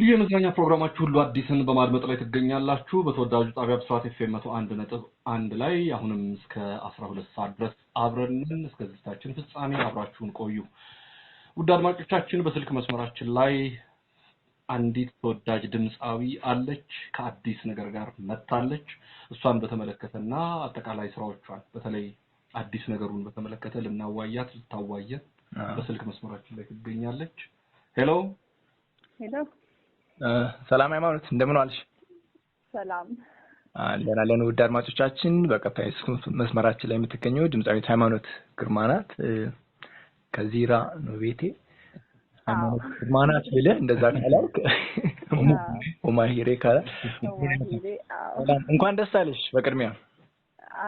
ልዩ የመዝናኛ ፕሮግራማችሁ ሁሉ አዲስን በማድመጥ ላይ ትገኛላችሁ። በተወዳጁ ጣቢያ ብስራት ኤፍ መቶ አንድ ነጥብ አንድ ላይ አሁንም እስከ አስራ ሁለት ሰዓት ድረስ አብረንን እስከ ዝግጅታችን ፍጻሜ አብራችሁን ቆዩ። ውድ አድማጮቻችን በስልክ መስመራችን ላይ አንዲት ተወዳጅ ድምፃዊ አለች። ከአዲስ ነገር ጋር መታለች። እሷን በተመለከተና አጠቃላይ ስራዎቿን በተለይ አዲስ ነገሩን በተመለከተ ልናዋያት ልታዋየን በስልክ መስመራችን ላይ ትገኛለች። ሄሎ ሄሎ፣ ሰላም ሃይማኖት፣ እንደምን ዋልሽ? ሰላም እንደናለን። ውድ አድማጮቻችን በቀጣይ መስመራችን ላይ የምትገኘው ድምፃዊት ሃይማኖት ግርማናት ከዚራ ነው ቤቴ ሃይማኖት ግርማ ናት እንደዛ ካላልክ ኦማሂሬ ካላል እንኳን ደስ አለሽ። በቅድሚያ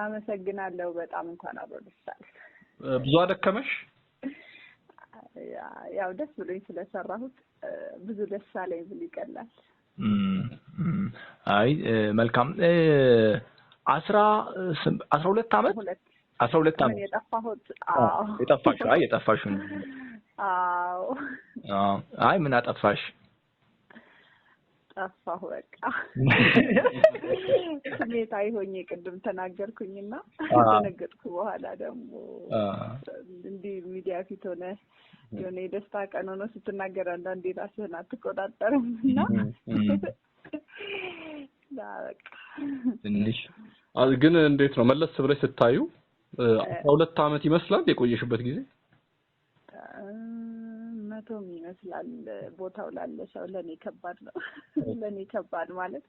አመሰግናለሁ። በጣም እንኳን አብሮ ደስ አለሽ። ብዙ አደከመሽ ያው ደስ ብሎኝ ስለሰራሁት ብዙ ደስ አለኝ ብል ይቀላል። አይ መልካም። አስራ አስራ ሁለት አመት አስራ ሁለት አመት የጠፋሁት የጠፋሽ አይ የጠፋሽው። አዎ አይ ምን አጠፋሽ? ጠፋሁ በቃ ስሜታዊ ሆኜ ቅድም ተናገርኩኝና ተነገጥኩ በኋላ ደግሞ እንዲህ ሚዲያ ፊት ሆነ የሆነ የደስታ ቀን ሆኖ ስትናገር አንዳንዴ ራስህን አትቆጣጠርም እና ትንሽ ግን እንዴት ነው መለስ ብለሽ ስታዩ አስራ ሁለት አመት ይመስላል የቆየሽበት ጊዜ መቶም ይመስላል ቦታው ላለ ሰው ለእኔ ከባድ ነው። ለእኔ ከባድ ማለት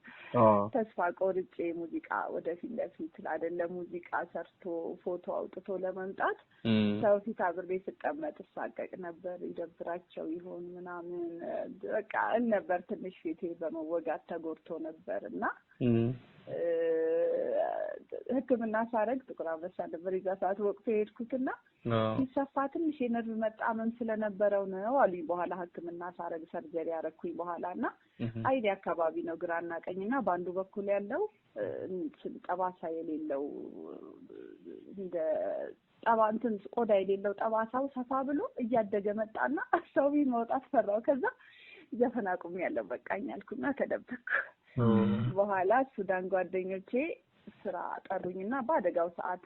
ተስፋ ቆርጬ ሙዚቃ ወደፊት ለፊት ላደለ ሙዚቃ ሰርቶ ፎቶ አውጥቶ ለመምጣት ሰው ፊት አብሬ ስቀመጥ እሳቀቅ ነበር። ይደብራቸው ይሆን ምናምን በቃ ነበር ትንሽ ፊቴ በመወጋት ተጎድቶ ነበር እና ሕክምና ሳረግ ጥቁር አንበሳ ነበር የዛ ሰዓት ወቅቱ የሄድኩትና ሲሰፋ ትንሽ የነርቭ መጣመም ስለነበረው ነው አሉኝ። በኋላ ሕክምና ሳረግ ሰርጀሪ ያረኩኝ በኋላ እና አይዲ አካባቢ ነው ግራና ቀኝና በአንዱ በኩል ያለው ጠባሳ የሌለው እንደ ጠባ እንትን ቆዳ የሌለው ጠባሳው ሰፋ ብሎ እያደገ መጣና ሰው መውጣት ፈራው። ከዛ ዘፈን አቁሜ ያለው በቃኝ አልኩና ተደበቅኩ። በኋላ ሱዳን ጓደኞቼ ስራ ጠሩኝ እና በአደጋው ሰዓት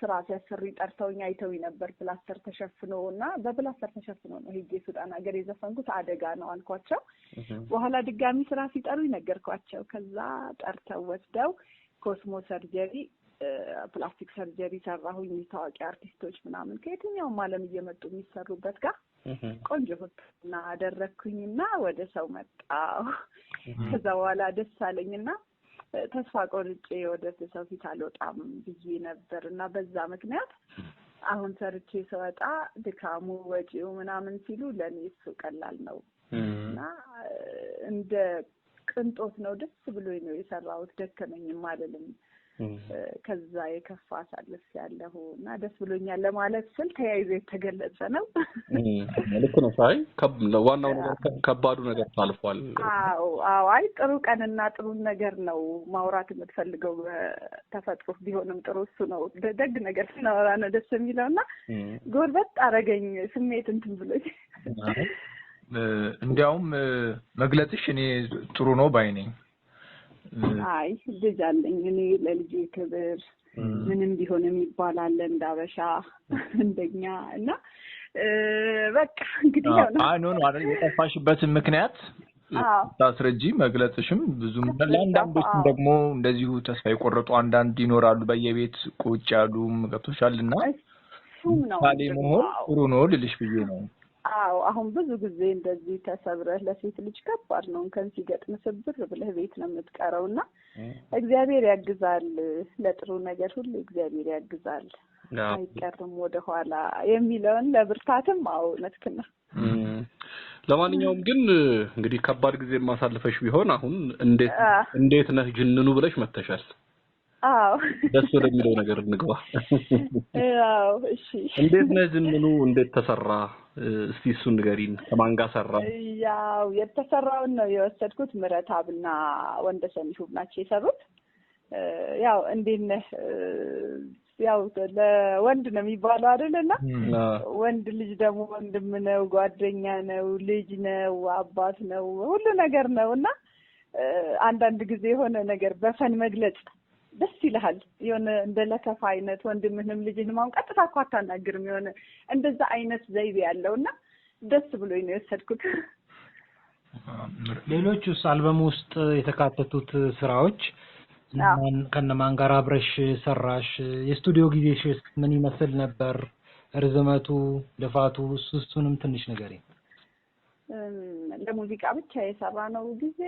ስራ ሲያሰሩኝ ጠርተውኝ አይተው ነበር። ፕላስተር ተሸፍኖ እና በፕላስተር ተሸፍኖ ነው ሄጄ ሱዳን ሀገር የዘፈንኩት አደጋ ነው አልኳቸው። በኋላ ድጋሚ ስራ ሲጠሩኝ ነገርኳቸው። ከዛ ጠርተው ወስደው ኮስሞ ሰርጀሪ ፕላስቲክ ሰርጀሪ ሰራሁኝ። ታዋቂ አርቲስቶች ምናምን ከየትኛውም ዓለም እየመጡ የሚሰሩበት ጋር ቆንጆ ሕክምና አደረግኩኝና ወደ ሰው መጣሁ። ከዛ በኋላ ደስ አለኝና ተስፋ ቆርጬ ወደ ሰው ፊት አልወጣም ብዬ ነበር እና በዛ ምክንያት አሁን ሰርቼ ስወጣ ድካሙ፣ ወጪው ምናምን ሲሉ ለእኔ እሱ ቀላል ነው እና እንደ ቅንጦት ነው። ደስ ብሎኝ ነው የሰራሁት። ደከመኝም አይደለም ከዛ የከፋ አሳልፍ ያለሁ እና ደስ ብሎኛል ለማለት ስል ተያይዞ የተገለጸ ነው። ልክ ነው። ሳይ ዋናው ነገር ከባዱ ነገር ታልፏል። አዎ አዎ። አይ ጥሩ ቀንና ጥሩን ነገር ነው ማውራት የምትፈልገው ተፈጥሮ ቢሆንም ጥሩ እሱ ነው። ደግ ነገር ስናወራ ነው ደስ የሚለው እና ጎርበጥ አረገኝ ስሜት እንትን ብሎኝ እንዲያውም መግለጽሽ እኔ ጥሩ ነው ባይ ነኝ። አይ ልጅ አለኝ እኔ ለልጅ ክብር ምንም ቢሆን የሚባል አለ እንዳበሻ እንደኛ እና በቃ እንግዲህ ነው አይ ኖ የጠፋሽበትን ምክንያት ታስረጂ መግለጽሽም ብዙም ለአንዳንዶችም ደግሞ እንደዚሁ ተስፋ የቆረጡ አንዳንድ ይኖራሉ። በየቤት ቁጭ ያሉ ገብቶሻልና ምሳሌ መሆን ጥሩ ነው ልልሽ ብዬ ነው። አዎ አሁን ብዙ ጊዜ እንደዚህ ተሰብረህ ለሴት ልጅ ከባድ ነው። እንከን ሲገጥም ስብር ብለህ ቤት ነው የምትቀረው እና እግዚአብሔር ያግዛል። ለጥሩ ነገር ሁሉ እግዚአብሔር ያግዛል፣ አይቀርም ወደኋላ የሚለውን ለብርታትም አዎ እውነት ነው። ለማንኛውም ግን እንግዲህ ከባድ ጊዜ የማሳልፈሽ ቢሆን አሁን እንዴት እንዴት ነህ ጅንኑ ብለሽ መተሻል። አዎ ደስ ወደሚለው ነገር እንግባ። አዎ እሺ፣ እንዴት ነህ ጅንኑ? እንዴት ተሰራ? እስቲ እሱን ንገሪን። ከማን ጋር ያው የተሰራውን ነው የወሰድኩት። ምረታብና ወንደሰን ይሁብ ናቸው የሰሩት። ያው እንዴት ነህ ያው ለወንድ ነው የሚባለው አይደል? እና ወንድ ልጅ ደግሞ ወንድም ነው፣ ጓደኛ ነው፣ ልጅ ነው፣ አባት ነው፣ ሁሉ ነገር ነው እና አንዳንድ ጊዜ የሆነ ነገር በፈን መግለጽ ደስ ይልሃል። የሆነ እንደ ለከፋ አይነት ወንድምህንም ልጅህንም አሁን ቀጥታ እኮ አታናግርም። የሆነ እንደዛ አይነት ዘይቤ ያለው እና ደስ ብሎኝ ነው የወሰድኩት። ሌሎች ውስጥ አልበም ውስጥ የተካተቱት ስራዎች ከነማን ጋር አብረሽ ሰራሽ? የስቱዲዮ ጊዜሽ ምን ይመስል ነበር? ርዝመቱ፣ ልፋቱ፣ እሱንም ትንሽ ነገር ለሙዚቃ ብቻ የሰራ ነው ጊዜ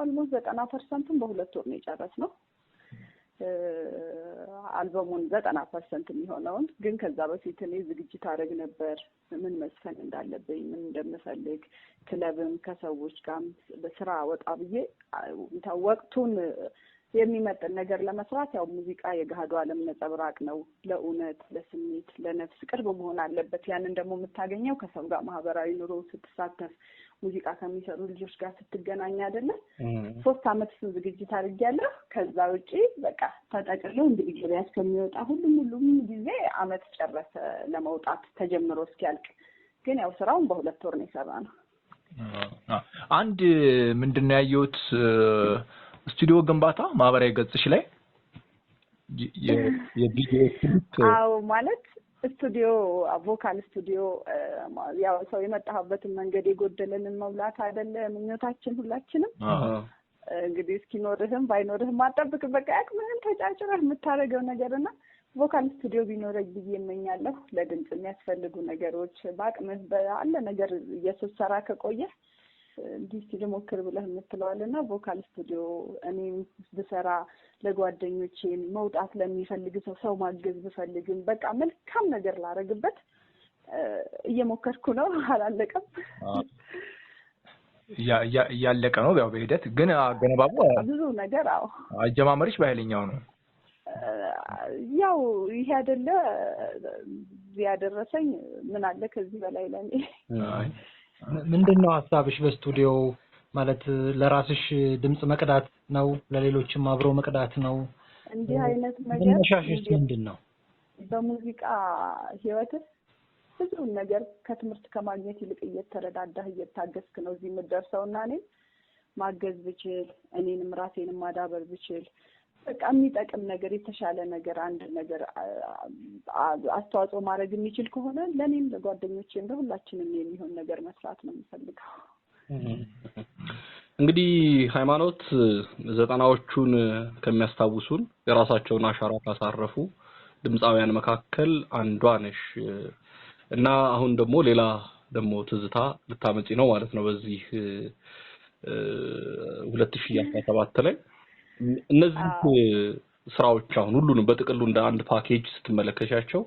ኦልሞስት ዘጠና ፐርሰንቱን በሁለት ወር ነው ነው። አልበሙን ዘጠና ፐርሰንት የሚሆነውን ግን ከዛ በፊት እኔ ዝግጅት አድረግ ነበር። ምን መስፈን እንዳለብኝ፣ ምን እንደምፈልግ ክለብም ከሰዎች ጋር በስራ ወጣ ብዬ ወቅቱን የሚመጥን ነገር ለመስራት ያው ሙዚቃ የገሃዱ ዓለም ነጸብራቅ ነው። ለእውነት፣ ለስሜት፣ ለነፍስ ቅርብ መሆን አለበት። ያንን ደግሞ የምታገኘው ከሰው ጋር ማህበራዊ ኑሮ ስትሳተፍ፣ ሙዚቃ ከሚሰሩ ልጆች ጋር ስትገናኝ አይደለ? ሶስት አመት እሱን ዝግጅት አድርጌያለሁ። ከዛ ውጪ በቃ ተጠቅሎ እንግዲህ ገበያ እስከሚወጣ ሁሉም ሁሉም ጊዜ አመት ጨረሰ ለመውጣት ተጀምሮ እስኪያልቅ። ግን ያው ስራውን በሁለት ወር ነው የሰራ ነው። አንድ ምንድን ነው ያየሁት ስቱዲዮ ግንባታ ማህበራዊ ገጽሽ ላይ የቪዲዮ ማለት ስቱዲዮ ቮካል ስቱዲዮ ያው ሰው የመጣሁበትን መንገድ የጎደለንን መብላት አይደለ ምኞታችን ሁላችንም። እንግዲህ እስኪኖርህም ባይኖርህም አጠብቅ በቃ ያቅ ምንም ተጫጭረህ የምታደርገው ነገር እና ቮካል ስቱዲዮ ቢኖረኝ ብዬ እመኛለሁ። ለድምፅ የሚያስፈልጉ ነገሮች በአቅምህ በአለ ነገር እየሰራ ከቆየህ እንዲህ ሲል ሞክር ብለህ የምትለዋል እና ቮካል ስቱዲዮ እኔም ብሰራ ለጓደኞቼም መውጣት ለሚፈልግ ሰው ሰው ማገዝ ብፈልግም በቃ መልካም ነገር ላረግበት እየሞከርኩ ነው። አላለቀም፣ እያለቀ ነው። ያው በሂደት ግን አገነባቡ ብዙ ነገር አዎ፣ አጀማመሪች በኃይለኛው ነው። ያው ይሄ አይደለ ያደረሰኝ ምን አለ ከዚህ በላይ ለኔ ምንድን ነው ሀሳብሽ በስቱዲዮው ማለት ለራስሽ ድምፅ መቅዳት ነው፣ ለሌሎችም አብሮ መቅዳት ነው። እንዲህ አይነት ነገር መሻሽስ ምንድን ነው? በሙዚቃ ህይወትህ ብዙውን ነገር ከትምህርት ከማግኘት ይልቅ እየተረዳዳህ እየታገስክ ነው እዚህ የምደርሰው እና እኔ ማገዝ ብችል እኔንም ራሴንም ማዳበር ብችል በቃ የሚጠቅም ነገር የተሻለ ነገር አንድ ነገር አስተዋጽኦ ማድረግ የሚችል ከሆነ ለእኔም ለጓደኞቼም ለሁላችንም የሚሆን ነገር መስራት ነው የምፈልገው። እንግዲህ ሃይማኖት ዘጠናዎቹን ከሚያስታውሱን የራሳቸውን አሻራ ካሳረፉ ድምፃውያን መካከል አንዷ ነሽ እና አሁን ደግሞ ሌላ ደግሞ ትዝታ ልታመጪ ነው ማለት ነው በዚህ ሁለት ሺህ አስራ ሰባት ላይ እነዚህ ስራዎች አሁን ሁሉንም በጥቅሉ እንደ አንድ ፓኬጅ ስትመለከቻቸው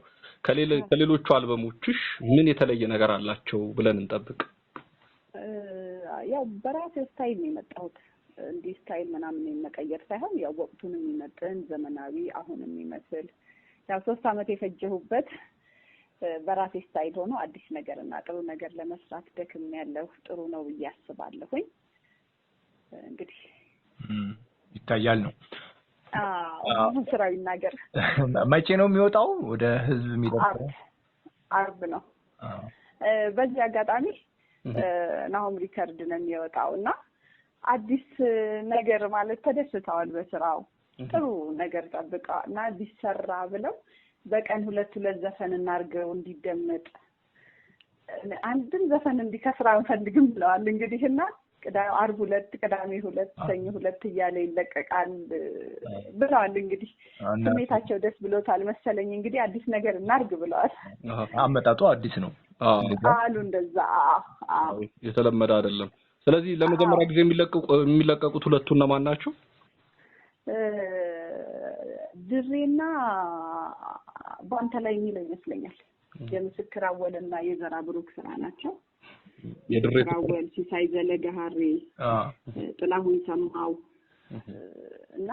ከሌሎቹ አልበሞችሽ ምን የተለየ ነገር አላቸው ብለን እንጠብቅ? ያው በራሴ ስታይል ነው የመጣሁት። እንዲህ ስታይል ምናምን መቀየር ሳይሆን ያው ወቅቱን የሚመጥን ዘመናዊ አሁን የሚመስል ያው ሶስት አመት የፈጀሁበት በራሴ ስታይል ሆኖ አዲስ ነገር እና ጥሩ ነገር ለመስራት ደክም ያለው ጥሩ ነው ብዬ አስባለሁኝ። እንግዲህ ይታያል ነው ስራው ይናገር። መቼ ነው የሚወጣው ወደ ህዝብ የሚደርሰው? አርብ ነው። በዚህ አጋጣሚ ናሆም ሪከርድ ነው የሚወጣው እና አዲስ ነገር ማለት ተደስተዋል። በስራው ጥሩ ነገር ጠብቀዋል እና ቢሰራ ብለው በቀን ሁለት ሁለት ዘፈን እናርገው እንዲደመጥ አንድም ዘፈን እንዲከስር አንፈልግም ብለዋል። እንግዲህ እና አርብ ሁለት፣ ቅዳሜ ሁለት፣ ሰኞ ሁለት እያለ ይለቀቃል ብለዋል። እንግዲህ ስሜታቸው ደስ ብሎታል መሰለኝ። እንግዲህ አዲስ ነገር እናርግ ብለዋል። አመጣጡ አዲስ ነው አሉ። እንደዛ የተለመደ አይደለም። ስለዚህ ለመጀመሪያ ጊዜ የሚለቀቁት ሁለቱ እነማን ናቸው? ድሬና በአንተ ላይ የሚለው ይመስለኛል። የምስክር አወልና የዘራ ብሩክ ስራ ናቸው። የድሬ ሲሳይ ዘለገሀሬ ጥላሁን ሰማው እና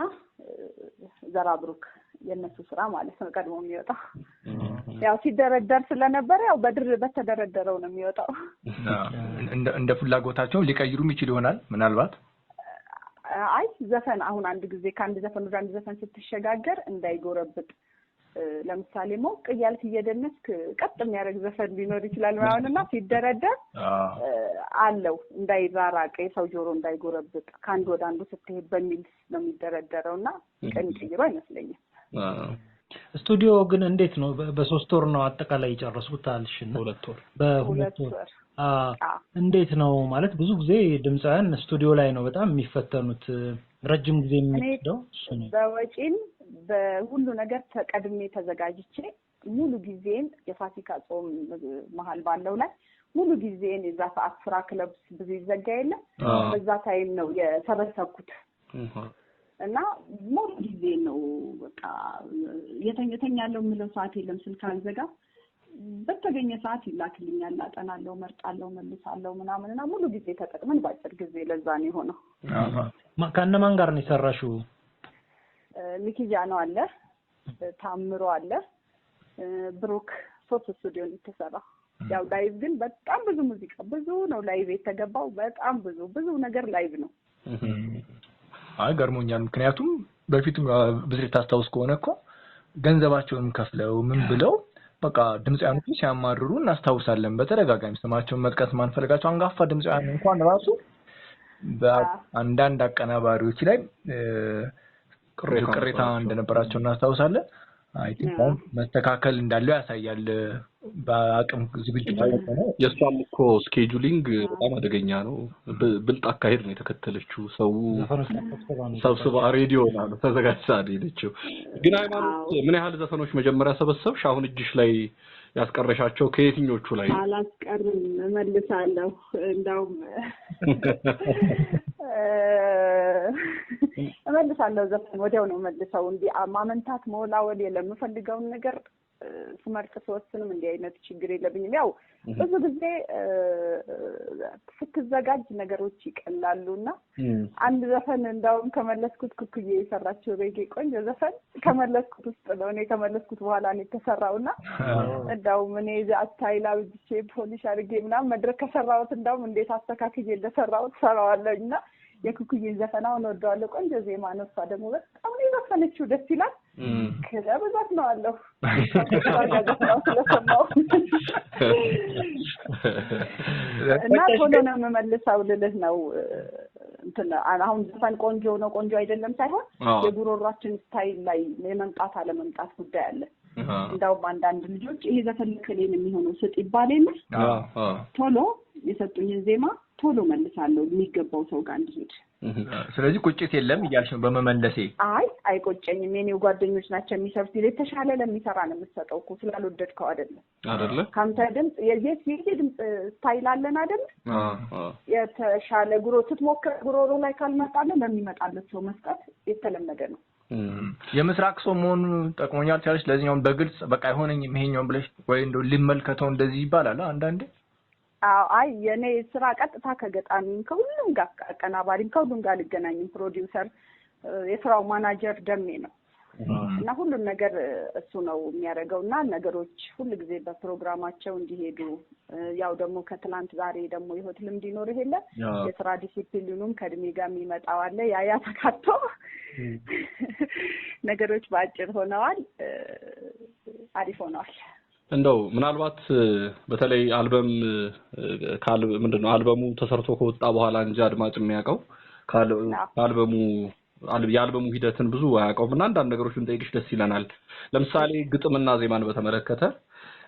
ዘራብሩክ የእነሱ ስራ ማለት ነው ቀድሞ የሚወጣው ያው ሲደረደር ስለነበረ ያው በድር በተደረደረው ነው የሚወጣው። እንደ ፍላጎታቸው ሊቀይሩም ይችል ይሆናል ምናልባት። አይ ዘፈን አሁን አንድ ጊዜ ከአንድ ዘፈን ወደ አንድ ዘፈን ስትሸጋገር እንዳይጎረብጥ ለምሳሌ ሞቅ እያልክ እየደነስክ ቀጥ የሚያደርግ ዘፈን ሊኖር ይችላል ምናምን እና ሲደረደር አለው እንዳይራራቅ የሰው ጆሮ እንዳይጎረብጥ ከአንድ ወደ አንዱ ስትሄድ በሚል ነው የሚደረደረው እና ቀን ቀይሮ አይመስለኝም። ስቱዲዮ ግን እንዴት ነው? በሶስት ወር ነው አጠቃላይ የጨረስኩት አልሽና፣ ሁለት ወር በሁለት ወር እንዴት ነው ማለት ብዙ ጊዜ ድምፃውያን ስቱዲዮ ላይ ነው በጣም የሚፈተኑት ረጅም ጊዜ የሚወስደው በወጪም በሁሉ ነገር ተቀድሜ ተዘጋጅቼ ሙሉ ጊዜን የፋሲካ ጾም መሀል ባለው ላይ ሙሉ ጊዜን የዛ ሰዓት ስራ ክለብ ብዙ ይዘጋ የለም በዛ ታይም ነው የሰበሰብኩት እና ሙሉ ጊዜ ነው በቃ የተኛለው የምለው ሰዓት የለም። ስልክ አልዘጋ በተገኘ ሰዓት ይላክልኛል፣ አጠናለው፣ መርጣለው፣ መልሳለው ምናምን እና ሙሉ ጊዜ ተጠቅመን በአጭር ጊዜ ለዛ ነው የሆነው። ከነማን ጋር ነው የሰራሽው? ነው አለ፣ ታምሮ አለ፣ ብሩክ ሶስት ስቱዲዮ የተሰራ ያው ላይቭ ግን በጣም ብዙ ሙዚቃ ብዙ ነው ላይቭ የተገባው። በጣም ብዙ ብዙ ነገር ላይቭ ነው። አይ ገርሞኛል። ምክንያቱም በፊት ብዙ ታስታውስ ከሆነ እኮ ገንዘባቸውንም ከፍለው ምን ብለው በቃ ድምፃውያኖቹ ሲያማርሩ እናስታውሳለን። በተደጋጋሚ ስማቸውን መጥቀስ ማንፈልጋቸው አንጋፋ ድምፃውያን እንኳን ራሱ በአንዳንድ አቀናባሪዎች ላይ ቅሬታ እንደነበራቸው እናስታውሳለን። አሁን መስተካከል እንዳለው ያሳያል። በአቅም ዝግጁ የእሷም እኮ ስኬጁሊንግ በጣም አደገኛ ነው። ብልጥ አካሄድ ነው የተከተለችው። ሰው ሰብስባ ሬዲዮ ነው ተዘጋጅታ ሄደችው። ግን ሃይማኖት፣ ምን ያህል ዘፈኖች መጀመሪያ ሰበሰብሽ? አሁን እጅሽ ላይ ያስቀረሻቸው ከየትኞቹ ላይ? አላስቀርም፣ እመልሳለሁ። እንዳውም እመልሳለሁ። ዘፈን ወዲያው ነው መልሰው እንዲ ማመንታት መወላወል የለም። የምፈልገውን ነገር ስመርጥ ስወስንም እንዲህ አይነት ችግር የለብኝም። ያው ብዙ ጊዜ ስትዘጋጅ ነገሮች ይቀላሉ እና አንድ ዘፈን እንዳውም ከመለስኩት ኩኩዬ የሰራችው ሬጌ ቆንጆ ዘፈን ከመለስኩት ውስጥ ነው። እኔ ከመለስኩት በኋላ ነው የተሰራው እና እንዳውም እኔ አስታይል አብጅቼ ፖሊሽ አድርጌ ምናምን መድረክ ከሰራሁት እንዳውም እንዴት አስተካክዬ እንደሰራሁት ሰራዋለኝ እና የኩኩዬን ዘፈናውን ወደዋለሁ። ቆንጆ ዜማ ነው። እሷ ደግሞ በጣም ነው የዘፈነችው። ደስ ይላል። ከዛ በዛት ነው አለሁ ዘፈናው ስለሰማው እና ቶሎ ነው የምመልሰው ልልህ ነው። አሁን ዘፈን ቆንጆ ነው ቆንጆ አይደለም ሳይሆን የጉሮሯችን ስታይል ላይ የመምጣት አለመምጣት ጉዳይ አለ። እንዳውም አንዳንድ ልጆች ይሄ ዘፈን ክሌን የሚሆነው ስጥ ይባል የለ ቶሎ የሰጡኝን ዜማ ቶሎ መልሳለሁ የሚገባው ሰው ጋር እንዲሄድ። ስለዚህ ቁጭት የለም እያልሽ ነው በመመለሴ? አይ አይቆጨኝም። የኔው ጓደኞች ናቸው የሚሰሩት። የተሻለ ለሚሰራ ነው የምትሰጠው እኮ ስላልወደድከው አይደለም አይደለ? ከአንተ ድምፅ የየ ድምፅ ስታይል አለን አይደል? የተሻለ ጉሮ ስትሞክር ጉሮሮ ላይ ካልመጣለ ለሚመጣለት ሰው መስጠት የተለመደ ነው። የምስራቅ ሰው መሆኑ ጠቅሞኛል ትያለሽ። ለዚህኛውን በግልጽ በቃ አይሆነኝም ይሄኛውን ብለሽ ወይ እንደው ልመልከተው እንደዚህ ይባላል አንዳንዴ አይ የእኔ ስራ ቀጥታ ከገጣሚም ከሁሉም ጋር አቀናባሪም ከሁሉም ጋር አልገናኝም። ፕሮዲውሰር፣ የስራው ማናጀር ደሜ ነው እና ሁሉን ነገር እሱ ነው የሚያደርገው እና ነገሮች ሁሉ ጊዜ በፕሮግራማቸው እንዲሄዱ ያው ደግሞ ከትላንት ዛሬ ደግሞ ይሆት ልምድ ይኖር የለ የስራ ዲሲፕሊኑም ከእድሜ ጋር የሚመጣው አለ። ያ ያ ተካቶ ነገሮች በአጭር ሆነዋል፣ አሪፍ ሆነዋል። እንደው ምናልባት በተለይ አልበም ምንድን ነው አልበሙ ተሰርቶ ከወጣ በኋላ እንጂ አድማጭ የሚያውቀው ከአልበሙ የአልበሙ ሂደትን ብዙ አያውቀውም እና አንዳንድ ነገሮች ንጠይቅሽ ደስ ይለናል። ለምሳሌ ግጥምና ዜማን በተመለከተ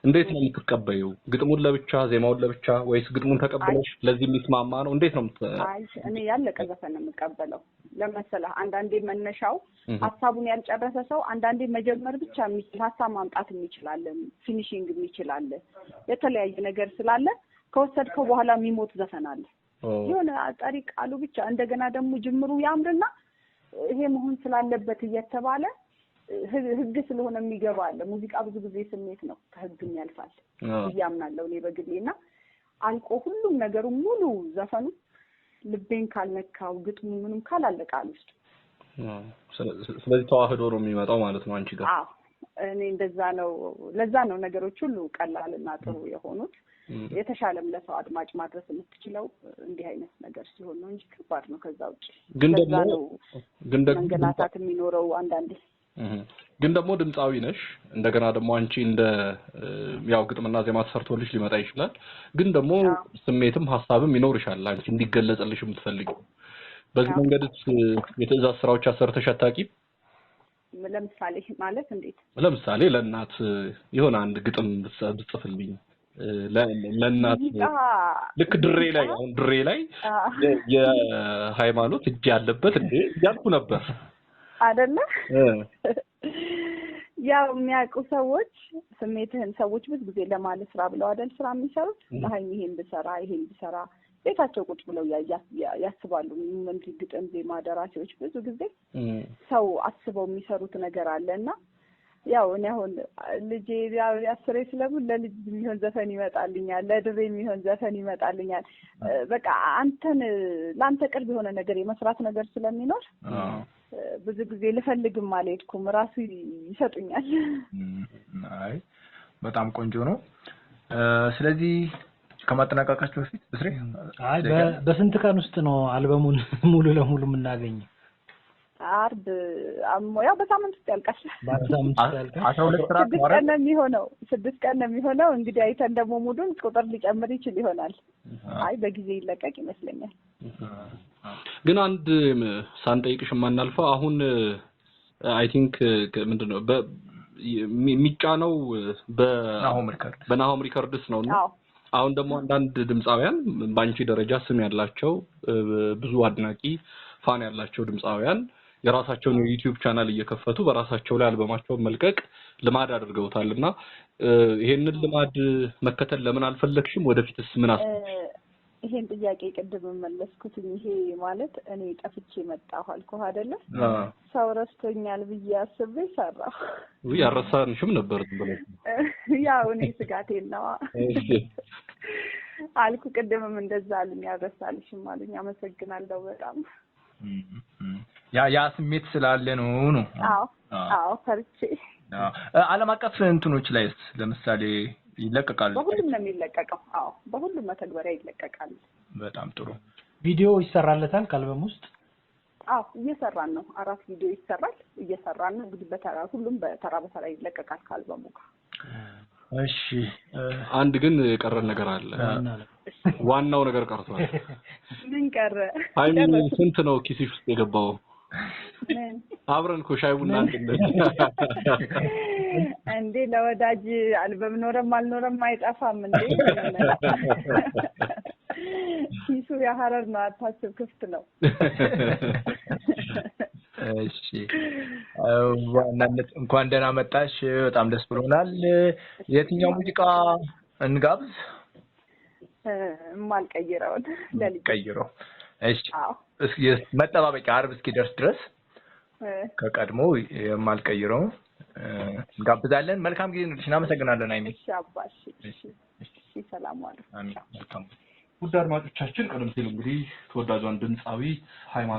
እንዴት ነው የምትቀበዩ? ግጥሙን ለብቻ ዜማውን ለብቻ ወይስ ግጥሙን ተቀበለሽ ለዚህ የሚስማማ ነው? እንዴት ነው እኔ ያለቀ ዘፈን ነው የምቀበለው። ለመሰለህ አንዳንዴ መነሻው ሀሳቡን ያልጨረሰ ሰው አንዳንዴ መጀመር ብቻ የሚችል ሀሳብ ማምጣት የሚችላለ ፊኒሽንግ የሚችላለ የተለያየ ነገር ስላለ ከወሰድከው በኋላ የሚሞት ዘፈን አለ። የሆነ ጠሪ ቃሉ ብቻ እንደገና ደግሞ ጅምሩ ያምርና ይሄ መሆን ስላለበት እየተባለ ህግ ስለሆነ የሚገባ አለ። ሙዚቃ ብዙ ጊዜ ስሜት ነው፣ ከህግም ያልፋል እያምናለሁ እኔ በግሌ እና አልቆ ሁሉም ነገሩ ሙሉ ዘፈኑ ልቤን ካልነካው ግጥሙ ምንም ካላለቀ አልውስድ። ስለዚህ ተዋህዶ ነው የሚመጣው ማለት ነው አንቺ ጋር። አዎ እኔ እንደዛ ነው። ለዛ ነው ነገሮች ሁሉ ቀላል እና ጥሩ የሆኑት። የተሻለም ለሰው አድማጭ ማድረስ የምትችለው እንዲህ አይነት ነገር ሲሆን ነው እንጂ ከባድ ነው። ከዛ ውጭ ግን ደግሞ ግን ደግሞ መንገላታት የሚኖረው አንዳንዴ ግን ደግሞ ድምፃዊ ነሽ። እንደገና ደግሞ አንቺ እንደ ያው ግጥምና ዜማ ተሰርቶልሽ ሊመጣ ይችላል። ግን ደግሞ ስሜትም ሀሳብም ይኖርሻል። አንቺ እንዲገለጽልሽ የምትፈልጊው በዚህ መንገድ የትዕዛዝ ስራዎች አሰርተሽ አታውቂም? ለምሳሌ ማለት እንዴት? ለምሳሌ ለእናት የሆነ አንድ ግጥም ብጽፍልኝ ለእናት ልክ ድሬ ላይ አሁን ድሬ ላይ የሃይማኖት እጅ ያለበት እንዴ እያልኩ ነበር አደለ ያው የሚያውቁ ሰዎች ስሜትህን ሰዎች ብዙ ጊዜ ለማለት ስራ ብለው አደል ስራ የሚሰሩት ሀይሚ ይሄን ብሰራ ይሄን ብሰራ ቤታቸው ቁጭ ብለው ያስባሉ። ግጥም፣ ዜማ ደራሲዎች ብዙ ጊዜ ሰው አስበው የሚሰሩት ነገር አለ እና ያው እኔ አሁን ልጄ ያስሬ ስለሙን ለልጅ የሚሆን ዘፈን ይመጣልኛል፣ ለድሬ የሚሆን ዘፈን ይመጣልኛል። በቃ አንተን ለአንተ ቅርብ የሆነ ነገር የመስራት ነገር ስለሚኖር ብዙ ጊዜ ልፈልግም አልሄድኩም፣ ራሱ ይሰጡኛል። አይ በጣም ቆንጆ ነው። ስለዚህ ከማጠናቀቃችሁ በፊት ብስሬ፣ አይ በስንት ቀን ውስጥ ነው አልበሙን ሙሉ ለሙሉ የምናገኝ? አርብ ያው በሳምንት ውስጥ ያልቃል። ስድስት ቀን ነው የሚሆነው ስድስት ቀን ነው የሚሆነው። እንግዲህ አይተን ደግሞ ሙሉን ቁጥር ሊጨምር ይችል ይሆናል። አይ በጊዜ ይለቀቅ ይመስለኛል። ግን አንድ ሳንጠይቅሽ የማናልፈው አሁን አይ ቲንክ ምንድን ነው የሚጫነው በናሆም ሪከርድስ ነው እና አሁን ደግሞ አንዳንድ ድምፃውያን በአንቺ ደረጃ ስም ያላቸው ብዙ አድናቂ ፋን ያላቸው ድምፃውያን የራሳቸውን የዩቲዩብ ቻናል እየከፈቱ በራሳቸው ላይ አልበማቸውን መልቀቅ ልማድ አድርገውታል እና ይሄንን ልማድ መከተል ለምን አልፈለግሽም? ወደፊትስ ምን አስ ይሄን ጥያቄ ቅድም መለስኩትኝ። ይሄ ማለት እኔ ጠፍቼ መጣሁ አልኩህ አይደለም? ሰው ረስቶኛል ብዬ አስቤ ሰራሁ። ውይ አረሳንሽም ነበር ብለሽ ያው እኔ ስጋቴን ነዋ አልኩ። ቅድምም እንደዛ አሉኝ፣ ያረሳልሽም አሉኝ። አመሰግናለሁ በጣም ያ ያ ስሜት ስላለ ነው ነው። አዎ አዎ፣ ፈርቼ አለም አቀፍ እንትኖች ላይስ ለምሳሌ ይለቀቃል በሁሉም ነው የሚለቀቀው። አዎ በሁሉም መተግበሪያ ይለቀቃል። በጣም ጥሩ። ቪዲዮ ይሰራለታል ከአልበም ውስጥ? አዎ እየሰራን ነው። አራት ቪዲዮ ይሰራል፣ እየሰራን ነው። እንግዲህ በተራ ሁሉም በተራ በተራ ይለቀቃል ከአልበሙ ጋር። እሺ አንድ ግን የቀረን ነገር አለ። ዋናው ነገር ቀርቷል። ምን ቀረ? አይ ስንት ነው ኪስሽ ውስጥ የገባው? አብረን እኮ ሻይ ቡና እንዴ ለወዳጅ አልበም ኖረም አልኖረም አይጠፋም እንዴ ኪሱ የሀረር ነው አታስብ ክፍት ነው እሺ ዋናነት እንኳን ደህና መጣሽ በጣም ደስ ብሎናል የትኛው ሙዚቃ እንጋብዝ የማልቀይረውን ቀይረው እሺ መጠባበቂያ አርብ እስኪደርስ ድረስ ከቀድሞ የማልቀይረውን እንጋብዛለን። መልካም ጊዜ እንልሽ። እናመሰግናለን አይሚ። ውድ አድማጮቻችን ቀደም ሲል እንግዲህ ተወዳጇን ድምፃዊ ሃይማኖት